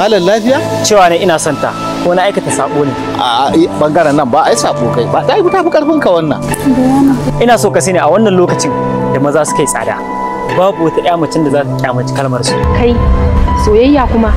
malam lafiya cewa ne ina son ta ko na aikata sabo ne a bangaren nan ba ai sabo kai ba dai ta fi karfin ka wannan ina so ka sani a wannan lokacin da maza suka yi tsada babu wata ƴa mutum da za ta kyamaci kalmar su kai soyayya kuma